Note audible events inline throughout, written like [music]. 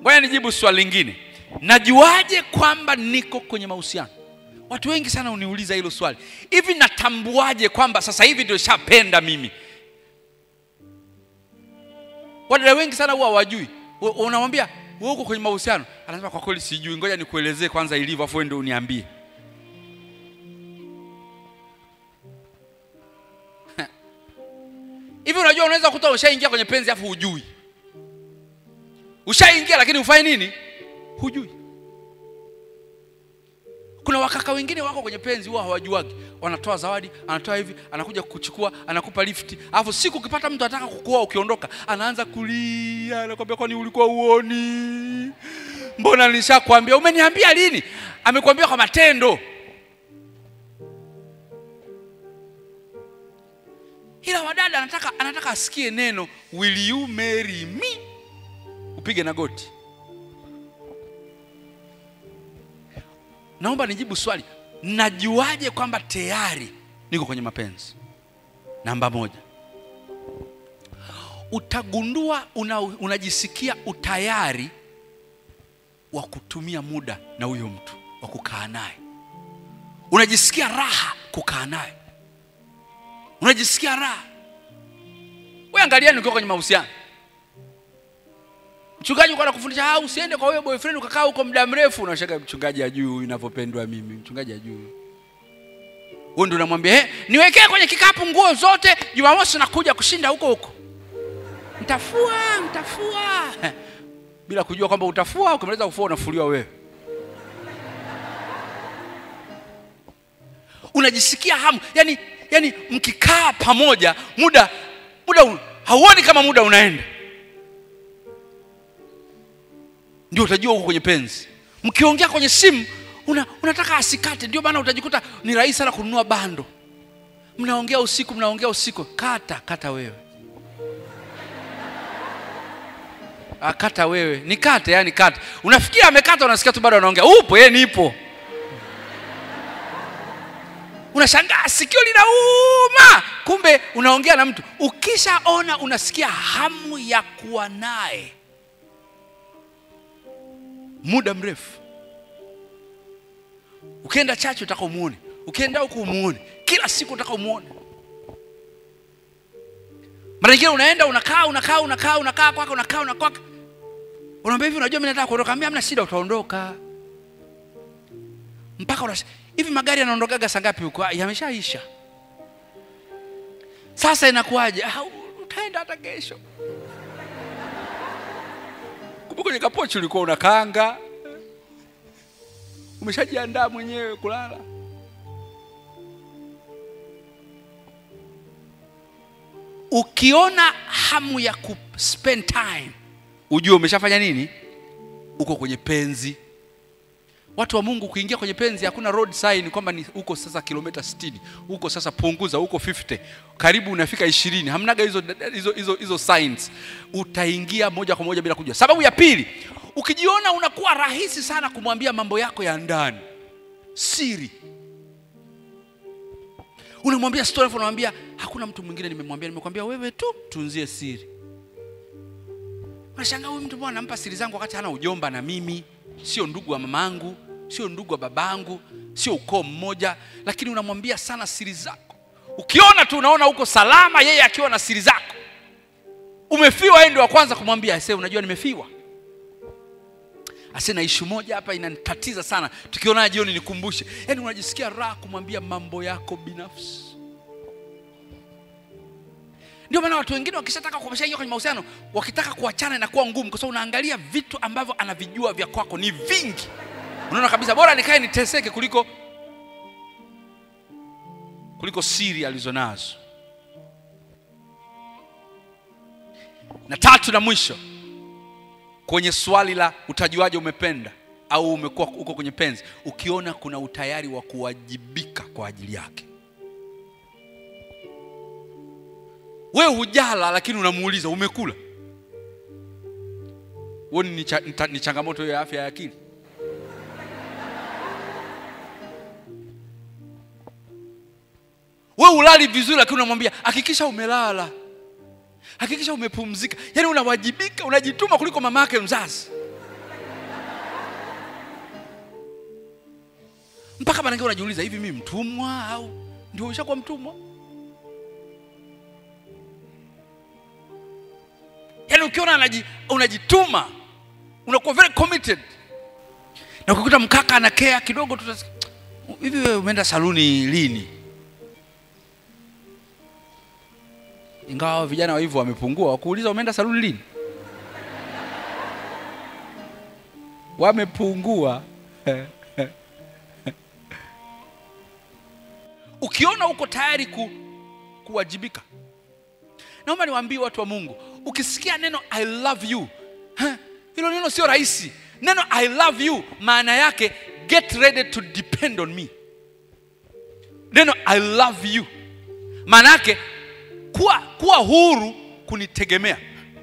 Ngoja nijibu swali lingine, najuaje kwamba niko kwenye mahusiano? Watu wengi sana uniuliza hilo swali, hivi natambuaje kwamba sasa hivi ndio shapenda mimi? Wadada wengi sana huwa wajui unamwambia wewe uko kwenye mahusiano, anasema kwa kweli sijui, ngoja nikuelezee kwanza ilivyo, afu ndio uniambie. [laughs] Hivi unajua, unaweza kuta ushaingia kwenye penzi afu hujui ushaingia lakini ufanye nini hujui kuna wakaka wengine wako kwenye penzi huwa hawajuagi wanatoa zawadi anatoa hivi anakuja kuchukua anakupa lifti alafu siku ukipata mtu anataka kukuoa ukiondoka anaanza kulia anakwambia kwani ulikuwa uoni mbona nilishakwambia umeniambia lini amekwambia kwa matendo ila wadada anataka anataka asikie neno will you marry me upige na goti. Naomba nijibu swali, najuaje kwamba tayari niko kwenye mapenzi? Namba moja, utagundua una, unajisikia utayari wa kutumia muda na huyo mtu wa kukaa naye, unajisikia raha kukaa naye, unajisikia raha. Wewe angalia, nikiwa kwenye mahusiano mchungaji nakufundisha kufundisha ah, usiende kwa huyo boyfriend ukakaa huko muda mrefu unashaka mchungaji ajui inavyopendwa mimi mchungaji ajui huyu Ndio unamwambia eh, niwekee kwenye kikapu nguo zote jumamosi nakuja kushinda huko huko mtafua mtafua [laughs] bila kujua kwamba utafua ukimaliza kufua unafuliwa wewe unajisikia hamu yani yani mkikaa pamoja muda muda hauoni kama muda unaenda ndio utajua uko kwenye penzi mkiongea kwenye simu una, unataka asikate ndio maana utajikuta ni rahisi sana kununua bando mnaongea usiku mnaongea usiku kata kata wewe akata ah, wewe nikate yani kata unafikia amekata unasikia tu bado anaongea upo ye nipo unashangaa sikio linauma kumbe unaongea na mtu ukishaona unasikia hamu ya kuwa naye muda mrefu ukienda chache utaka umuone ukienda huko umuone kila siku utaka umuone mara nyingine unaenda unakaa unakaa unakaa unakaa kwako unakaa unakwaka unaambia hivi unajua mimi nataka kuondoka Mimi hamna shida utaondoka mpaka unas... hivi magari yanaondokaga saa ngapi huko yameshaisha sasa inakuwaje ah, utaenda hata kesho huko kwenye kapochi ulikuwa unakaanga, umeshajiandaa mwenyewe kulala. Ukiona hamu ya ku spend time, ujue umeshafanya nini, uko kwenye penzi Watu wa Mungu kuingia kwenye penzi, hakuna road sign kwamba ni huko sasa kilomita 60, huko sasa punguza, huko 50, karibu unafika 20. Hamnaga hizo hizo hizo hizo signs. Utaingia moja kwa moja bila kujua. Sababu ya pili, ukijiona unakuwa rahisi sana kumwambia mambo yako ya ndani, siri. Unamwambia story, unamwambia hakuna mtu mwingine nimemwambia, nimekwambia wewe tu, tunzie siri. Unashangaa huyu mtu bwana, anampa siri zangu wakati hana ujomba na mimi sio ndugu wa mamangu, sio ndugu wa babangu, sio ukoo mmoja, lakini unamwambia sana siri zako. Ukiona tu unaona uko salama, yeye akiwa na siri zako. Umefiwa, yeye ndio wa kwanza kumwambia, ase, unajua nimefiwa asina ishu moja hapa inanitatiza sana, tukionaa jioni nikumbushe. Yaani unajisikia raha kumwambia mambo yako binafsi ndio maana watu wengine wakishataka kumshaingia kwenye mahusiano, wakitaka kuachana inakuwa ngumu, kwa sababu unaangalia vitu ambavyo anavijua vya kwako ni vingi. Unaona kabisa bora nikae niteseke kuliko kuliko siri alizonazo. Na tatu na mwisho, kwenye swali la utajuaje umependa au umekuwa uko kwenye penzi, ukiona kuna utayari wa kuwajibika kwa ajili yake we hujala lakini unamuuliza umekula woni ni, cha, ni changamoto ya afya ya akili we ulali vizuri lakini unamwambia hakikisha umelala hakikisha umepumzika yaani unawajibika unajituma kuliko mama yake mzazi mpaka manake unajiuliza hivi mimi mtumwa au ndio ushakuwa mtumwa ukiona unajituma unakuwa very committed na ukikuta mkaka anakea kidogo hivi wewe umeenda saluni lini ingawa vijana wa hivyo wamepungua wakuuliza umeenda saluni lini [laughs] wamepungua [laughs] ukiona uko tayari ku, kuwajibika naomba niwaambie watu wa mungu ukisikia neno I love you hilo neno sio rahisi. Neno I love you maana yake get ready to depend on me. Neno I love you maana yake kuwa, kuwa huru kunitegemea,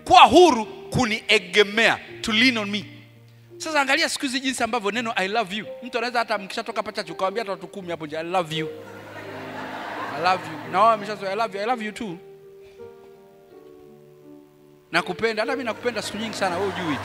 kuwa huru kuniegemea, to lean on me. Sasa angalia siku hizi jinsi ambavyo neno I love you, mtu anaweza hata mkishatoka hapa church hata watu kumi hapo nje I love you, I love you, na wao ameshazoea I love you, I love you too nakupenda, hata mimi nakupenda siku nyingi sana, wewe ujui